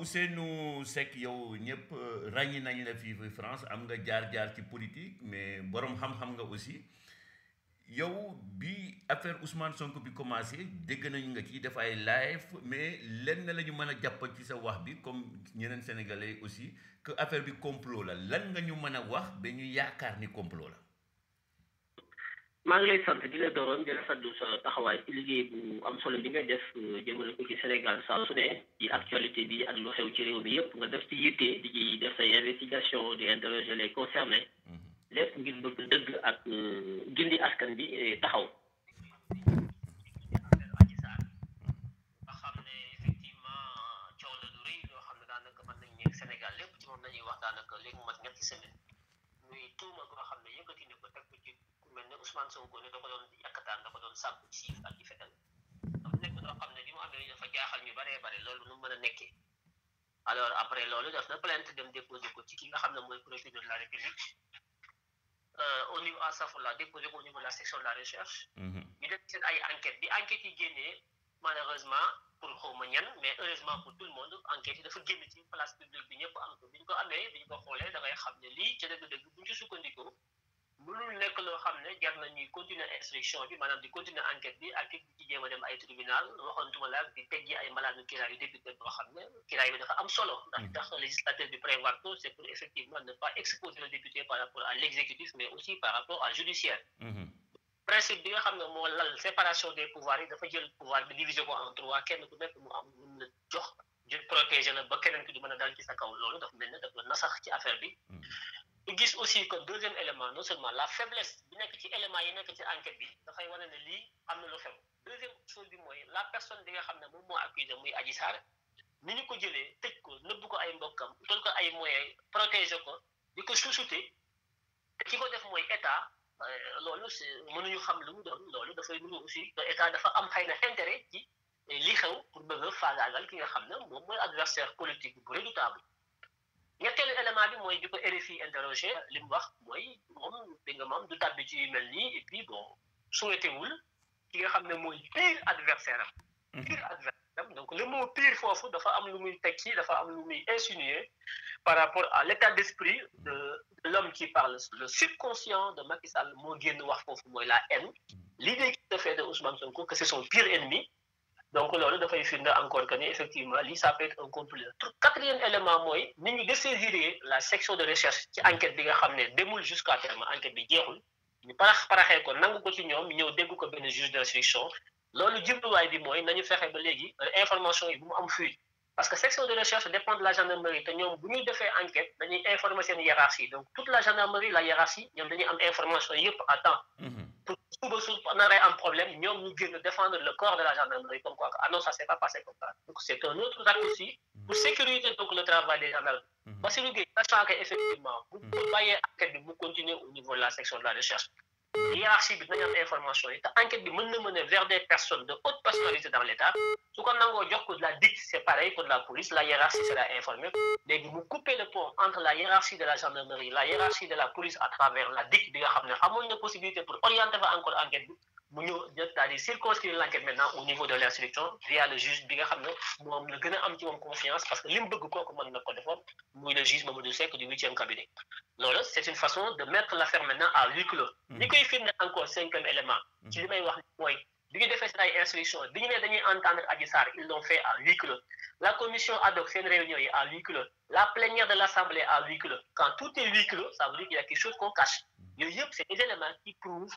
use nu sek yow ñëpp ràññi nañ la fii fi france am nga jaar-jaar ci politique mais borom xam-xam nga aussi yow bi affaire ousmane sonko bi commencé dégg nañu nga ci def ay live mais lenn la ñu mën a jàpp ci sa wax bi comme ñeneen sénégalais aussi que affaire bi complot la lan nga ñu mën a wax ba ñu yaakaar ni complot la maa ngi lay sant di la doon di rafetlu sa taxawaay ci liggéey bu am solo bi nga def euh, jëmale ko ci Sénégal saa su ne ci actualité bi ak xew ci réew mi yëpp nga def ci yitte di ci def say investigation di interroger les concernés mm-hmm. lépp ngir bëgg dëgg ak euh, gindi askan bi euh, taxaw. Sénégal lépp ci moom la ñuy wax daanaka léegi mat Ousmane Sonko ne da ko doon yakkataan da ko doon sàmm siif ak ci fetal am nekk loo xam ne bi mu amee dafa jaaxal ñu bare bare loolu nu mu mën a nekkee alors après loolu def na plainte dem déposé ko ci ki nga xam ne mooy procureur de la république euh, au niveau asafurla déposé ko au niveau de la section de la recherche mhm. ñu def seen ay enquête bi enquête yi génnee malheureusement pour xawma ñan mais heureusement pour tout le monde enquête yi dafa génn ci place publique bi ñëpp am ko bi ñu ko amee bi ñu ko xoolee da ngay xam ne lii ca dëgg-dëgg bu ñu ci sukkandikoo mënul nek lo xam ne jar na ñuy continuer instruction bi manam di continuer enquête bi ak képp ci dem ay tribunal waxantuma la di teggi ay malade kiraay yu député boo xam ne kiraay bi dafa am solo hmm. ndax tax législateur bi prévoir tout c'est pour effectivement ne pas exposer le député par rapport à l'exécutif mais aussi par rapport à judiciaire hmm. principe bi nga xam ne lal séparation des pouvoirs yi dafa jël pouvoir bi diviser ko en trois kenn ku nekk mo am mun na jox ju protéger la ba keneen ki du mëna dal ci sa kaw loolu dafa mel dafa nasax ci affaire bi hmm. ñu gis aussi que deuxième élément non seulement la faiblesse bi nekk ci élément yi nekk ci enquête bi da fay wone ne li am na lu xew deuxième chose bi mooy la personne bi nga xam ne moom moo accusé muy Adji Sarr ni ñu ko jëlee tëj ko nëbb ko ay mbokkam tol ko ay moyens protéger ko di ko susute te ki ko def mooy état loolu mënuñu xam lu mu doon loolu dafay nuru aussi que état dafa am xëy na intérêt ci li xew pour bëgg a faagaagal ki nga xam ne moom mooy adversaire politique bu redoutable ñetteelu élément bi mooy bi ko RFI interrogé li mu wax mooy moom dégg nga moom du tàbbi ci yu mel nii et puis bon souhaité ki nga xam ne mooy pire adversaire mhm. pire adversaire donc le mot pire foofu dafa am lu muy tekki dafa am lu muy insinuer par rapport à l'état d'esprit de l'homme qui parle le subconscient de Macky Sall moo génn wax foofu mooy la haine l'idée qui se fait de Ousmane Sonko que c'est son pire ennemi donc loolu dafay firnde encore que ni effectivement lii ça peut être un complot quatrième élément mooy ni ñu dessaisir la section de recherche ci enquête bi nga xam ne demul jusqu'à terme enquête bi jeexul ñu parax paraxee ko nangu ko ci ñoom ñëw dégg ko benn juge d'instruction loolu jubluwaay bi mooy nañu fexe ba léegi euh, information yi bu mu am fuite parce que section de recherche dépend de la gendarmerie te ñoom bu ñuy defee enquête dañuy informer seen hiérarchie donc toute la gendarmerie la hiérarchie ñoom dañuy am information yépp à temps mm-hmm pour un un un problème nous ñu défendre le corps de la gendarmerie comme quoi ah non ça ne s'est pas passé comme ça donc c'est un autre aussi pour mm-hmm. sécuriser donc le travail des gendarmes Parce mm-hmm. que sachant qu'effectivement, vous qu'effectivement, vous bàyyee vous vous continuer au niveau de la section de la recherche hiérarchie bi l'information, jot information yi te enquête bi vers des personnes de haute personnalité dans l'État su ko nangoo jox ko de la DIC c'est pareil que de la police la hiérarchie sera informée léegi mu couper le pont entre la hiérarchie de la gendarmerie la hiérarchie de la police à travers la DIC bi nga xam ne possibilité pour orienter encore enquête mu ñëw c'est-à-dire circonscrire l'enquête maintenant au niveau de l'instruction via le juge bi nga xam ne moom la gën am ci confiance parce que li mu bëgg kooku mën na ko defoon muy le juge Mamadou Seck du 8e cabinet loolu c'est une façon de mettre l'affaire maintenant à huis clos mm-hmm. li koy firnde encore cinquième élément ci li may wax mooy bi ñu defee ay instruction bi ñu ne dañuy entendre Adji Sarr ils l'ont fait à huis clos la commission ad hoc une réunion à huis clos la plénière de l'assemblée à huis clos quand tout est huis clos ça veut dire qu'il y a quelque chose qu'on cache mm-hmm. yooyu yëpp c'est des éléments qui prouvent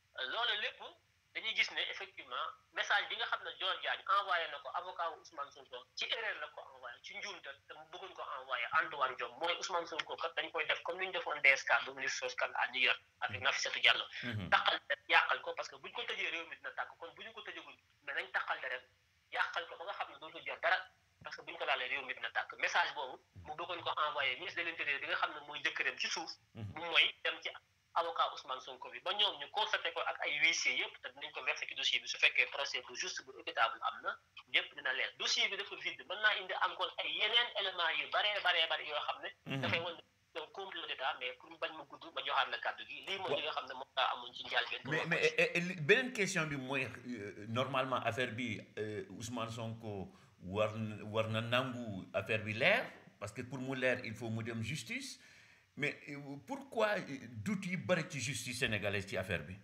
loolu lépp dañuy gis ne effectivement message bi nga xam ne Dior Diagne envoyé na ko avocat wu Ousmane Sonko ci erreur la ko envoyé ci njuumte te mu bëgguñ ko envoyé Antoine Diome mooy Ousmane Sonko kat dañ koy def comme ni ñu defoon DSK bu ministre Soskal à New York mhm. mhm. ko parce que buñ ko tëjee réew mi dina takk kon buñu ko tëjagul mais nañ taxal dara yàqal ko ba nga xam ne dootul jot dara parce que buñ ko laalee réew mi dina tàkk message boobu mu bëggoon ko envoyé ministre de l'intérieur bi nga xam ne mooy jëkkëram ci suuf. bu mhm. mooy dem ci avocat Ousmane Sonko bi ba ñoom ñu constaté ko ak ay huissier yëpp te dinañ ko versé ci dossier bi su fekkee procès bu juste bu équitable am na yëpp dina leer dossier bi dafa vide mën naa indi encore ay yeneen éléments yu baree baree bari yoo xam ne. Mhm. dafay wan ne complot d'état mais pour bañ ma gudd ma joxaat la kàddu gi. lii mooy li nga xam ne moom laa amoon ci njaal benn. mais mais beneen question bi mooy euh, normalement affaire bi euh, Ousmane Sonko war war na nangu affaire bi leer parce que pour mu leer il faut mu dem justice mais euh, pourquoi euh, doute yi bari ci justice sénégalaise ci affaire bi.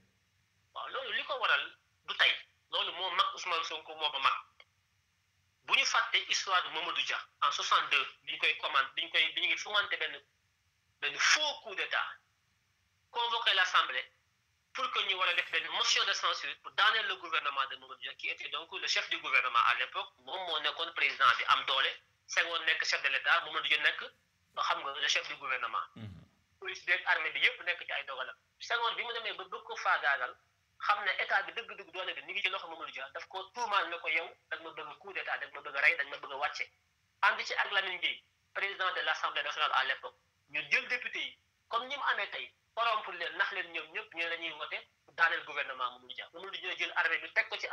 waaw loolu li ko waral du tey loolu moo mag Ousmane Sonko moo ko mag bu ñu histoire de Mamadou Dia en 62 biñ koy commande biñ koy biñ ngi benn faux coup d'état convoqué l'assemblée pour que ñu war a def benn motion de censure pour daaneel le gouvernement de Mamadou Dia qui était donc le chef du gouvernement à l'époque moom moo nekkoon président bi am doole Senghor nekk chef de l'État Mamadou Dia nekk. ba xam nga le chef du gouvernement. Mhm. police bi ak armée bi yëpp nekk ci ay dogalam. Senghor bi mu demee ba bëgg ko faagaagal xam ne état bi dëgg-dëgg doole bi ni ngi ci loxo Mamadou Dia daf ko tuumaal ne ko yow dag ma bëgg coup d'état dag ma bëgg rey dag ma bëgg wàcce. ànd ci ak Lamine président de l' nationale à l' ñu jël député yi comme ñi mu amee tey corrompre leen nax leen ñoom ñëpp ñu la ñuy wote daaneel gouvernement Mamadou Dia Mamadou Dia jël armée bi teg ko ci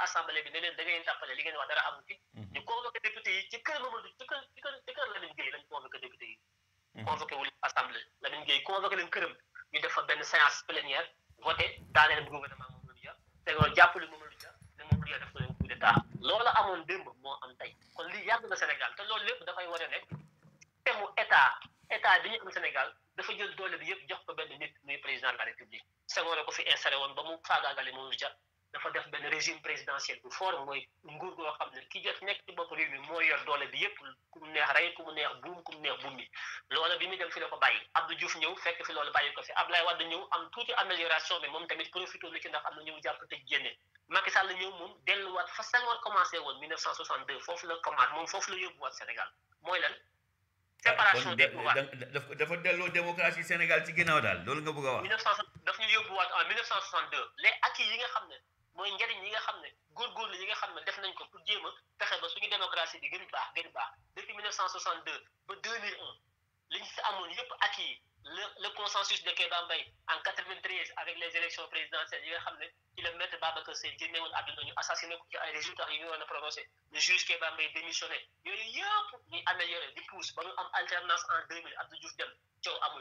Mhm. convoqué wu leen assemblée Lamine Gueye convoqué leen këram ñu def fa benn séance plénière voté daaneel gouvernement Mamadou Dia Senghor jàppale Mamadou Dia ne Mamadou Dia def ko leen coup d'état loola amoon démb moo am tey kon lii yàgg na Sénégal te loolu lépp dafay wane ne système mu état état bi ñu am Sénégal dafa jël doole bi yëpp jox ko benn nit muy président de la république Senghor ko fi installé woon ba mu faagaagale Mamadou Dia dafa def benn régime présidentiel bu fort mooy nguur goo xam ne ki jot nekk ci bopp mi moo yor bi yëpp neex rey ku neex buum ku neex buum bi loola bi muy dem fi la ko bàyyi Abdou Diouf ñëw fekk fi loolu bàyyi ko fi Abdoulaye Wade ñëw am tuuti amélioration mais moom tamit profité na ci ndax am na ñëw jàpp tëj génne Macky Sall ñëw moom delluwaat fa Senghor commencé woon 1962 foofu la commencé moom foofu la yóbbuwaat Sénégal mooy lan. séparation ah, des pouvoirs dafa dafa delloo démocratie Sénégal ci ginnaaw daal loolu nga bëgg a wax. mooy njëriñ yi nga xam ne góorgóorlu yi nga xam ne def nañ ko pour jéem a fexe ba suñu démocratie bi gën baax gën baax depuis 1962 ba 2001 liñ si amoon yépp ak yi le le consensus de Kéba en 93 avec les élections présidentielles yi nga xam ne ci la maître Babacar Sèye génne woon àdduna ñu assassiné ko ci ay résultats yi ñu a prononcé le juge Kéba démissionné yooyu yëpp ñuy amélioré di pousse ba ñu am alternance en 2000 Abdou Diouf dem coow am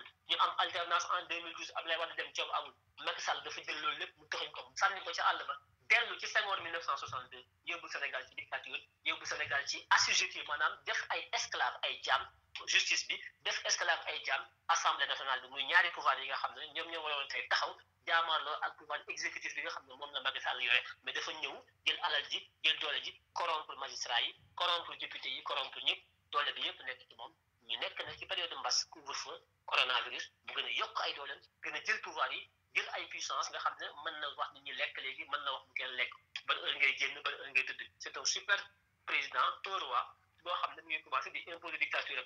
alternance en 2012 Ablaye Wade dem job amul Macky Sall dafa jël loolu lépp mu tëxuñ ko sànni ko ci àll ba dellu ci Senghor 1962 yóbbu Sénégal ci dictature yóbbu Sénégal ci assujetti maanaam def ay esclaves ay jaam justice bi def esclaves ay jaam assemblée nationale bi muy ñaari pouvoir yi nga xam ne ñoom ñoo waroon tey taxaw jaamaarloo ak pouvoir exécutif bi nga xam ne moom la Macky Sall yore mais dafa ñëw jël alal ji jël doole ji corrompre magistrat yi corrompre député yi corrompre ñëpp doole bi yëpp nekk ci moom ñu nekk na ci période mbas couvre-feu coronavirus bu gën a yokk ay dooleem gën a jël pouvoir yi jël ay puissance nga xam ne mën na wax ni ñu lekk léegi mën na wax bu kenn lekk ban heure ngay génn ban heure ngay tëdd c'est un super président un roi boo xam ne mu ngi commencé di imposer dictature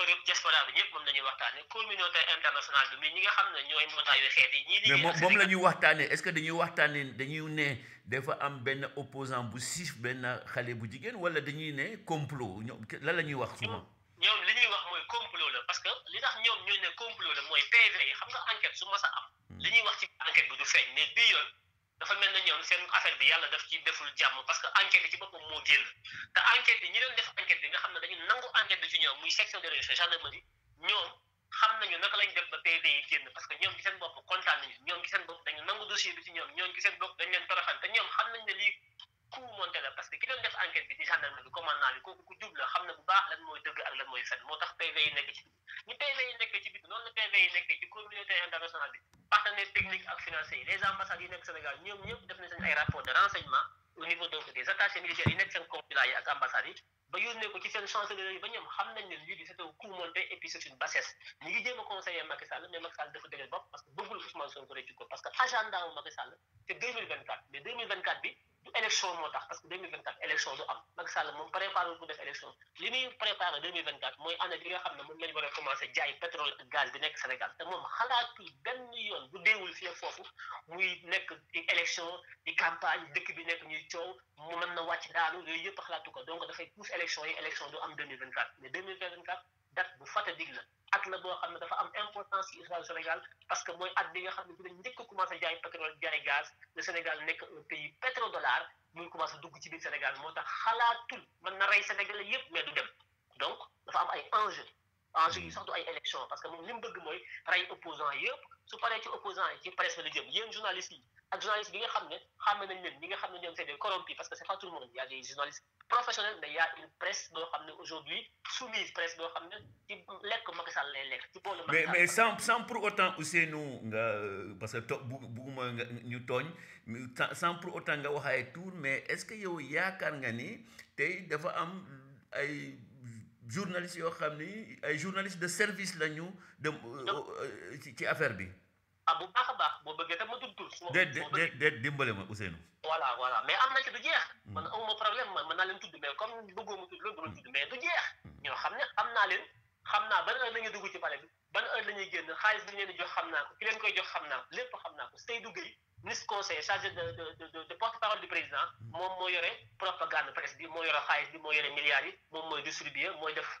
Europe diaspora bi ñëpp moom la ñuy waxtaane communauté internationale bi mais ñi nga xam ne ñooy mbootaayu xeet yi. ñii liggéey ñuy ne dafa am benn opposant bu siif benn xale bu jigéen wala dañuy ne complot la ñuy wax souvent. ñoom li wax mooy complot la parce que li tax ñoom ñooy ne complot la mooy PV yi xam nga enquête su ma sa am. Hmm. li ñuy wax ci enquête bi du feeñ mais bii yoon dafa mel na ñoom seen affaire bi yàlla daf ci deful jàmm parce que enquête yi ci boppam moo génn. te enquête bi ñi doon def enquête bi nga xam ne dañu nangu enquête bi ci ñoom muy section de recherche gendarmerie ñoom xam ñoom ci nañu nangu dossier bi ci ñoom ñoom ci seen bopp dañu leen toroxal te ñoom xam nañ ne lii coup monté la parce que ki doon def enquête bi ci gendarmerie bi commandant bi kooku ku jub la xam na bu baax lan mooy dëgg ak lan mooy fen moo tax PV yi nekk ci ñu PV yi nekk ci biir noonu la yi nekk ci communauté internationale bi partenaires yi les au niveau donc des attachés militaires yi nekk seen consulat yi ak ambassades yi ba yónnee ko ci seen chancellerie yi ba ñoom xam nañ ne lii di c'est un coup monté et puis c'est une bassesse ñu ngi jéem a conseiller Macky Sall mais Macky Sall dafa dëgër bopp parce que bëggul Ousmane Sonko réccu ko parce que agenda du élection moo tax parce que 2024 élection du am Macky Sall moom préparé bu def élection li muy préparé 2024 mooy année bi nga xam ne moom lañu war a commencé jaay pétrole ak gaz bi nekk Sénégal te moom xalaatu benn yoon bu déewul fii foofu muy nekk di élection di campagne dëkk bi nekk ñuy coow mu mën na wàcc daanu yooyu yëpp xalaatu ko donc dafay pousse élection yi élection du am 2024 mais 2024 date bu la at la boo xam ne dafa am importance ci histoire Sénégal parce que mooy at bi nga xam ne ci lañ njëkk a commencé jaay pétrole jaay gaz le Sénégal nekk un pays pétrodollar muy commencé dugg ci biir Sénégal moo tax xalaatul mën na rey Sénégal yëpp mais du dem donc dafa am ay enjeux enjeux yi sax du ay élection parce que moom li mu bëgg mooy rey opposants yëpp su paree ci opposants yi ci presse la jëm yéen journalistes yi ak journalistes yi nga xam ne xàmme nañ leen ñi nga xam ne ñoom c'est des corrompus parce que c'est pas tout le monde il y a des journalistes professionnels mais il y a une presse boo xam ne aujourd'hui soumise presse boo xam ne ci lekk Macky Sall lay lekk ci boolu mais mais sans sans pour autant Ousseynou nga parce que to bu bugguma nga ñu tooñ sans pour autant nga wax ay tour mais est-ce que yow yaakaar nga ni tey dafa am ay journalistes yoo xam ni ay journalistes de service lañu de euh, ci affaire bi ah bu baax a baax boo bëggee tam ma tudd tur. su na ci du jeex. Hmm. man amuma problème man mën naa leen tudd mais comme bëggoo ma tudd loolu du moom moo yore propagande presse moo yore xaalis moom mooy distribuer mooy def.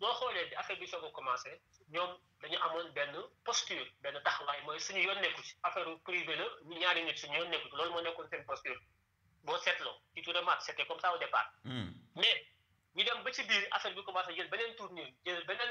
boo xoolee affaire bi soog a commencé ñoom dañu amoon benn posture benn taxawaay mooy suñu yoon nekku ci affaire privé la ñu ñaari nit suñu yoon nekku loolu moo nekkoon seen posture boo seetloo ci tout de match c'était comme ça au départ. Hmm. mais ñu dem ba ci biir affaire bi commencé jël beneen tournure jël beneen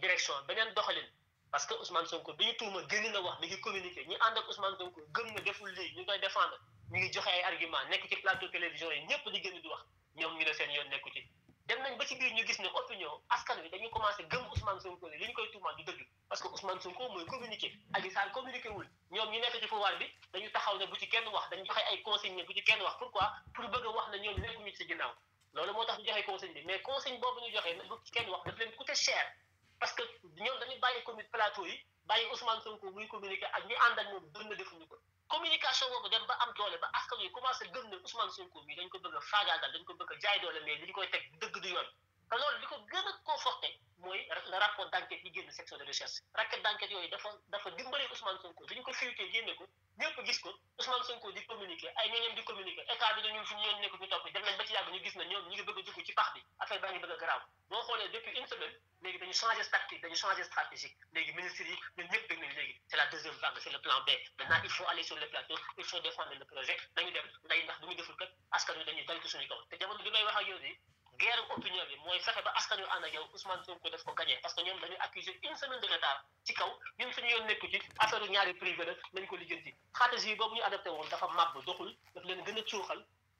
direction beneen doxalin parce que Ousmane Sonko bi ñu tuuma gën na wax mi ngi communiqué ñu ànd ak Ousmane Sonko gëm na deful lii ñu koy défendre ñu ngi joxe ay argument nekk ci plateau télévision yi ñëpp di gën di wax ñoom ñu ne seen yoon nekku ci. dem nañ ba ci biir ñu gis ne opinion askan wi dañuy commencé gëm Ousmane Sonko ne li ñu koy tuumaal du dëgg parce que Ousmane Sonko mooy communiqué Adji Sarr communiqué wul ñoom ñu nekk ci pouvoir bi dañu taxaw ne bu ci kenn wax dañu joxe ay consigne ne bu a wax ne ñoom nekkuñu ci ginnaaw loolu moo tax ñu joxe consigne bi mais consigne boobu ñu joxe bu ci kenn wax daf leen coûté cher parce que ñoom dañu bàyyi commune plateau yi bàyyi Ousmane Sonko muy communiqué ak ñi ànd ak moom dund defuñu ko communication boobu dem ba am doole ba askan wi commencé gëm ne Ousmane Sonko bi dañ ko bëgg a faagaagal dañ ko bëgg a jaay doole mais li ñu koy teg dëgg du yoon te loolu ko gën a conforté mooy le rapport d'enquête yi génn section de recherche raquette d'enquête yooyu dafa dafa dimbale Ousmane Sonko bi ñu ko fiwtee génne ko ñëpp gis ko Ousmane Sonko di communiqué ay ñeneen di communiqué état bi ñu gis na ñu ngi bëgg a dugg ci pax bi affaire baa ngi bëgg a garaaw boo xoolee depuis une semaine léegi dañu changé tactique dañu changé stratégique léegi ministres yi ñun ñëpp dañu léegi c' est la deuxième vague c' est le plan B maintenant il faut aller sur le plateau il faut défendre le projet nañu dem nday ndax bu ñu deful kat askan wi dañuy dal ci suñu kaw te jamono bi may wax ak yow guerre opinion bi mooy fexe ba askan wi ànd ak yow Ousmane Sonko def ko gagné parce que ñoom dañu accuser une semaine de retard ci kaw ñun suñu yoon nekku ci affaire ñaari privé la nañ ko lijjanti stratégie boobu ñu adopté woon dafa màbb doxul daf leen gën a cuuxal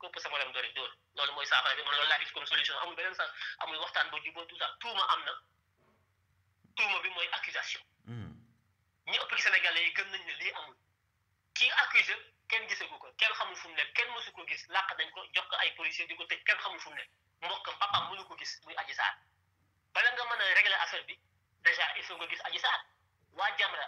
képp sa morom doole dóor loolu mooy saafara bi man loolu laa gis comme solution amul beneen sax amul waxtaan boo jubóo tout ça tuuma am na tuuma bi mooy accusation hmm. ñi ëpp ci Sénégalais yi gëm nañ ne lii amul kii accusé kenn gisagu ko kenn xamul fu mu nekk kenn mësu ko gis làq dañ ko jox ko ay policier di ko tëj kenn xamul fu mu nekk mbokkam papaam mënu ko gis muy Adji Sarr bala nga mën a régler affaire bi déjà il faut nga gis Adji Sarr waa Jamra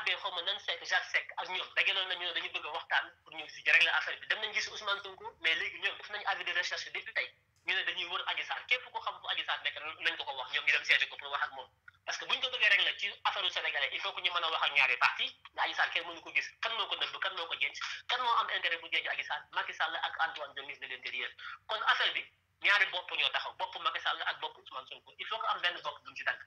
abbé xaw ma nan Seck Jacques Seck ak ñoom dagaloon nañu ne dañu bëgg a waxtaan pour ñu régler affaire bi dem nañ gis Ousmane Sonko mais léegi ñoom def nañu avis de recherche depuis tey ñu ne dañuy wër Adji Sarr képp ko xam fu Adji Sarr nekk nañ ko ko wax ñoom ñu dem seeti ko pour wax ak moom parce que bu ñu ko bëggee régler ci affaire u sénégalais il faut que ñu mën a wax ak ñaari parti ndax Adji Sarr kenn mënu ko gis kan moo ko nëbb kan moo ko jënd kan moo am intérêt bu jënd Adji Sarr Macky Sall ak Antoine Diome ministre de l'intérieur kon affaire bi ñaari bopp ñoo taxaw bopp Macky Sall ak bopp Ousmane Sonko il faut que am benn bopp duñ ci dagg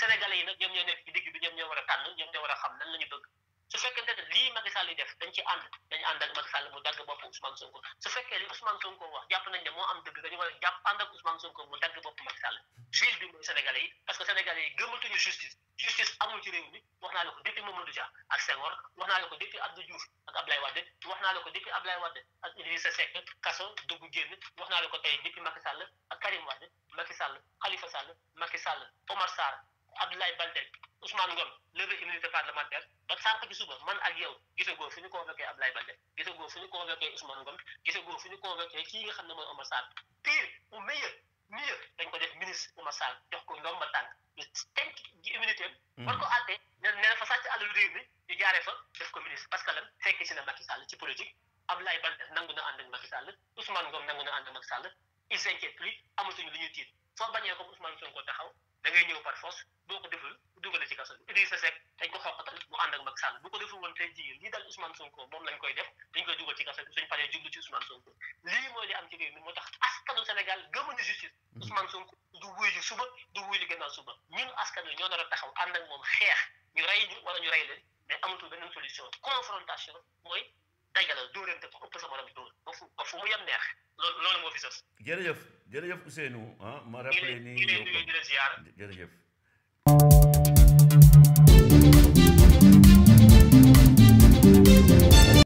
sénégalais yi nag ñoom ñoo nekk ci digg ñoom ñoo war a tànn ñoom ñoo war a xam nan la ñu bëgg su fekkente ne lii Macky Sall yi def dañ ci ànd dañ ànd ak Macky Sall mu dagg bopp Ousmane Sonko su fekkee li Ousmane Sonko wax jàpp nañ ne moo am dëgg dañu war a jàpp ànd ak Ousmane Sonko mu dagg bopp Macky Sall juge bi mooy Sénégalais yi parce que Sénégalais yi gëmatuñu justice justice amul ci réew mi wax naa la ko depuis Mamadou Dia ak Senghor wax naa la ko depuis Abdou Diouf ak Abdoulaye Wade wax naa wax naa Sall ak Karim Wade Sall Khalifa Sall Macky Abdoulaye Balde Ousmane Ngom levée immunité parlementaire ba sànq ci suba man ak yow gisagoo fu ñu convoqué Abdoulaye Balde gisagoo fu ñu convoqué Ousmane Ngom gisagoo fu ñu convoqué nga xam ne mooy Omar Sall pire ou meilleur mieux dañ ko def ministre Omar Sall jox ko ndomba tànk ñu tenk ji immunité am. Hmm. war ko àttee ne ne fa sàcc àll réew mi ñu jaaree fa def ko ministre parce que lan fekk si na Macky Sall ci politique Abdoulaye Balde nangu na ànd ak Macky Sall Ousmane Ngom nangu na ànd ak Macky Sall amatuñu lu ñuy tiit soo bañee comme Ousmane Sonko taxaw da ngay ñëw par force. boo ko deful dugale ci kaso bi Idrissa Seck dañ ko xoqatal mu ànd ak Macky Sall bu ko deful woon tey jii lii dal Ousmane Sonko moom lañ koy def dañ koy dugal ci kaso bi suñ paree jublu ci Ousmane Sonko lii mooy li am ci réew mi moo tax askanu Sénégal gëmuñu justice mm-hmm. Ousmane wi ñoo nar a taxaw ànd ak moom xeex ñu rey ñu wala ñu rey leen amatul beneen solution confrontation mooy dajale dóorante ko ëpp sa morom dóor ba fu ba fu mu yem neex loolu loolu moo fi sos jërëjëf jërëjëf Ousseynou ah ma rappelé ni